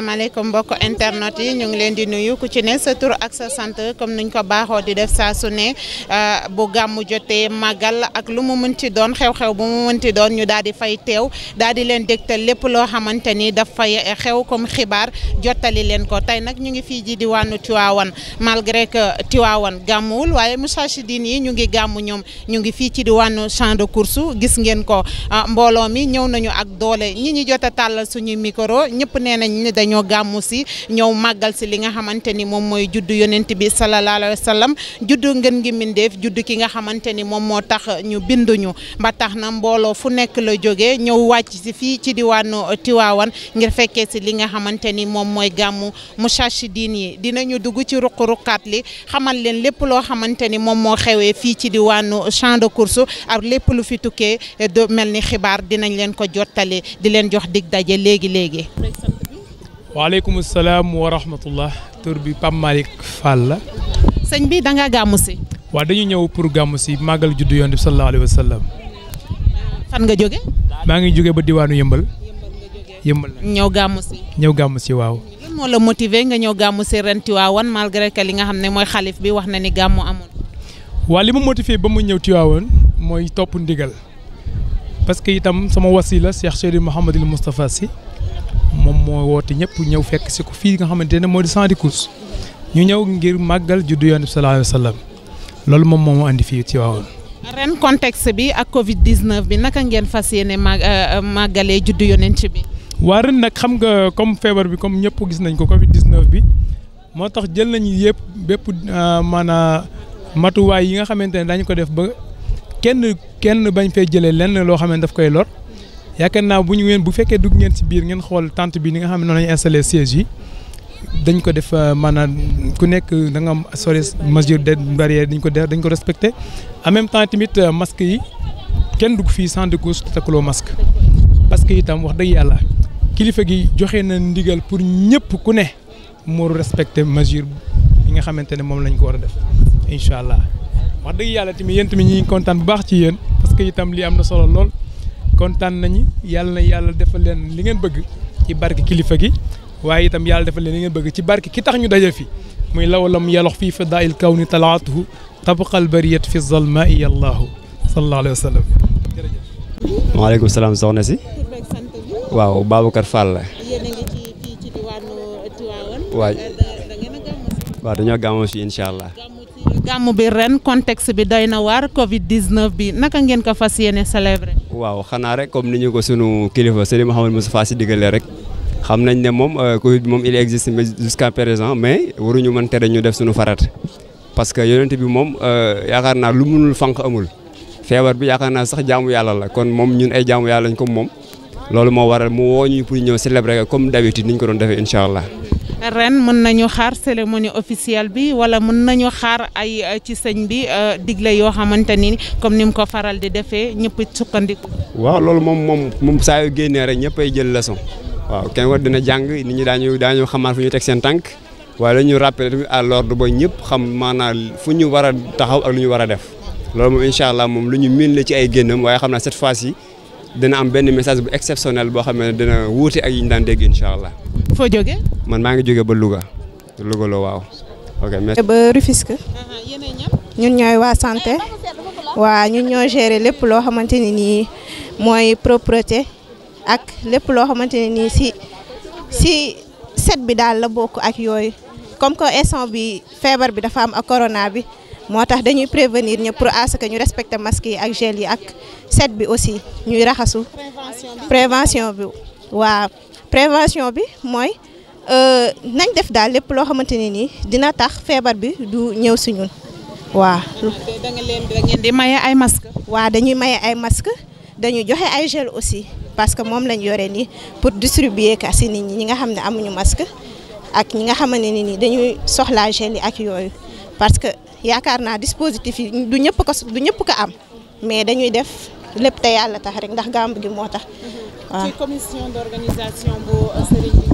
asalaamaaleykum mbokk internet yi ñu ngi leen di nuyu ku ci ne sa ak sa sant comme nuñ ko baaxoo di def saa su ne euh, bu gàmmu jotee màggal ak lu mu mënti doon xew-xew bu mu mënti doon ñu daal di fay teew daal di leen dégtal lépp loo xamante ni daf fay xew comme xibaar jottali leen ko tey nag ñu ngi fii ji diwaanu Tiwaawan malgré que Tiwaawan gàmmuwul waaye Moustarchidine yi ñu ngi gàmmu ñoom ñu ngi fii ci di diwaanu champ de course gis ngeen ko euh, mbooloo mi ñëw nañu a tàllal suñuy micro dañoo gàmmu si ñëw màggal si li nga xamante ni moom mooy juddu yonent bi sallallahu alayhi wa sallam juddu ngën ngi mbindeef juddu ki nga xamante ni moom moo tax ñu binduñu ba tax na mbooloo fu nekk la jógee ñëw wàcc si fii ci diwaanu Tiwaawan ngir fekkee si li nga xamante ni moom mooy gàmmu Moustarchidine yi dinañu dugg ci ruq-ruqaat li xamal leen lépp loo xamante ni moom moo xewee fii ci diwaanu champ de course ak lépp lu fi tukkee do mel ni xibaar dinañ leen ko jottali di leen jox dig daje léegi léegi waaleykum salaam wa rahmatullah tur bi Pape Malick Fall la. sëñ bi da ngaa gàmmu si. waaw dañu ñëw pour gàmmu si màggal juddu yoon bi sallallahu alayhi nga jóge. maa ngi jóge ba diwaanu yëmbal. yëmbal ñëw gàmmu si. ñëw gàmmu si waaw. lan moo nga ñëw gàmmu si ren Tiwaawan malgré que li nga xam ne mooy xalif bi wax na ni gàmmu amul. waa li ma motiver ba mu ñëw Tiwaawan mooy topp ndigal parce que itam sama wasila Cheikh Cheikh Mouhamadul Moustapha si moo woote ñëpp ñëw fekk si ko fii nga xamante ne moo di Santikouz ñu ñëw ngir màggal juddu yoon bi sallallahu alayhi wa sallam loolu moom moo andi fii ci waawoon. ren contexte bi ak Covid 19 bi naka ngeen fas yéene euh, euh, màggalee juddu yonent bi. waa ren nag xam nga comme feebar bi comme ñëpp gis nañ ko Covid 19 bi moo tax jël nañu yëpp bépp euh, maanaam matuwaay yi nga xamante ne dañ ko def ba kenn kenn bañ fee jëlee lenn loo xam ne daf koy lor. yaakaar naa bu ñu ngeen bu fekkee dugg ngeen ci biir ngeen xool tente bi ni nga xam ne noonu lañu installé siège yi dañ ko def euh, maanaam ku nekk danga nga am sori mesure de barrière dañ ko def dañ ko respecté en même temps tamit euh, masque yi kenn dugg fii sans découche takkuloo masque parce que itam wax dëgg yàlla kilifa gi joxe na ndigal pour ñëpp ku ne mu respecté mesure yi nga xamante ne moom lañ ko war a def incha allah wax dëgg yàlla tamit yéen tamit ñi ngi kontaan bu baax ci yéen parce que itam lii am na solo lool. kontaan nañu yàlla na yàlla defal leen li ngeen bëgg ci barke kilifa gi waaye itam yàlla defal leen li ngeen bëgg ci barke ki tax ñu daje fi muy lawalam yalox fii fadail kawni talaatuhu tabqal bariyat fi zalma i allahu sallallahu alayhi wa sallam jërëjëf maaleykum salaam soxna si waaw Babacar Fall la dañoo gàmmu si incha allah gàmmu bi ren contexte bi day na waar covid 19 bi naka ngeen ko fas yéene célébrer waaw xanaa rek comme ni ñu ko sunu kilifa Serigne Mouhamadou Moustapha Sy digalee rek xam nañ ne moom euh, Covid bi moom il existe mais jusqu'à présent mais waruñu mën tere ñu def suñu faraat parce que yonent bi moom euh, yaakaar naa lu munul fànq amul feebar bi yaakaar naa sax jaamu yàlla la kon moom ñun ay jaamu yàlla lañ ko moom loolu moo waral mu woo ñu pour ñëw célébrer comme d'habitude ni ñu ko doon defee incha allah. ren mën nañu xaar cérémonie officielle bi wala mën nañu xaar ay euh, ci sëñ bi euh, digle yoo xamante ni comme ni mu ko faral di defee ñëpp sukkandiku. waaw loolu moom moom moom saa yu génnee rek ñëpp ay jël leçon waaw kenn war dina jàng nit ñi daañu daañu xamaat fu ñu teg seen tànk waaye la ñu rappelé tamit à l'ordre ba ñëpp xam maanaam fu ñu war a taxaw ak lu ñu war a def loolu moom incha allah moom lu ñu miin ci ay génnam waaye xam naa cette fois yi dina am benn message bu exceptionnel boo xam ne dina wuute ak yi ñu daan dégg incha allah. fa jóge man maa ngi jóge ba luga Louga la waaw. ok merci ba Rufisque. ñun ñooy waa santé. waa ñun ñoo gérer lépp loo xamante ne nii mooy propreté ak lépp loo xamante ne nii si si set bi daal la bokk ak yooyu comme que instant bi feebar bi dafa am ak corona bi moo tax dañuy prévenir ñëpp pour ñu respecter masque yi ak gel yi ak set bi aussi ñuy raxasu prévention bi waaw prévention bi mooy euh, nañ def daal lépp loo xamante ne nii dina tax feebar bi du ñëw si ñun waa da nga di maye ay masques. waa dañuy maye ay masques dañuy joxe ay gel aussi parce que moom lañ yore nii pour distribuer ka si nit ñi ñi nga xam ne amuñu masque ak ñi nga xamante ni nii dañuy soxlaa gel yi ak yooyu parce que yaakaar naa dispositif yi du ñëpp ko du ñëpp ko am mais dañuy def lépp te yàlla tax rek ndax gàmb gi moo tax. waaw ci ah. commission euh, bi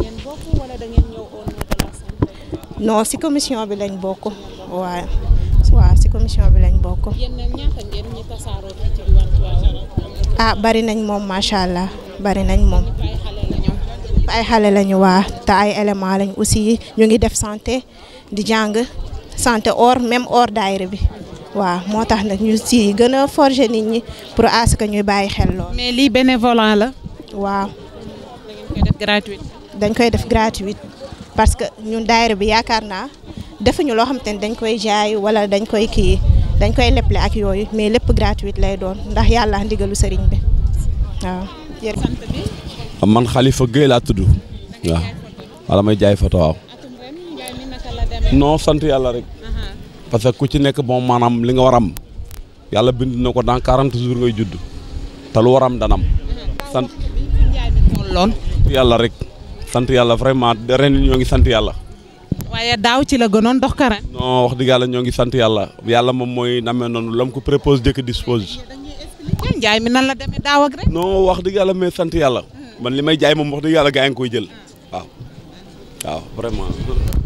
ngeen bokk wala da ngeen si commission bi lañ bokk waaw si commission bi lañ bokk. ah bari nañ moom macha allah bari nañ moom. ay xale lañu waa te ay élément lañ aussi ñu ngi def santé di jàng santé or même or daayira bi waaw moo tax nag ñu si gën a forger nit ñi pour à ñuy bàyyi xel lool. mais lii bénévolat la. waaw. dañ koy def gratuite. parce que ñun daayira bi yaakaar naa defuñu loo xam te ne dañ koy jaay wala dañ koy kii dañ koy leble ak yooyu mais lépp gratuite lay doon ndax yàlla ndigalu sëriñ bi waaw. man xalifa Gueye laa tudd waaw. wala may jaay foto waaw. non sant yàlla rek. parce que ku ci nekk bon maanaam li nga war am yàlla bind ko dans quarante jours ngay judd te lu war danam sant. lool. sant yàlla rek sant yàlla vraiment ren ñoo ngi sant yàlla. waaye daaw ci la gënoon dox ka ren. non wax dëgg yàlla ñoo ngi sant yàlla yàlla moom mooy namee noonu lam ko propose jëkk dispose. jaay mi nan la demee daaw rek. noo wax dëgg yàlla mais sant yàlla. Hmm. man li may jaay moom wax dëgg yàlla gaa ngi koy jël waaw waaw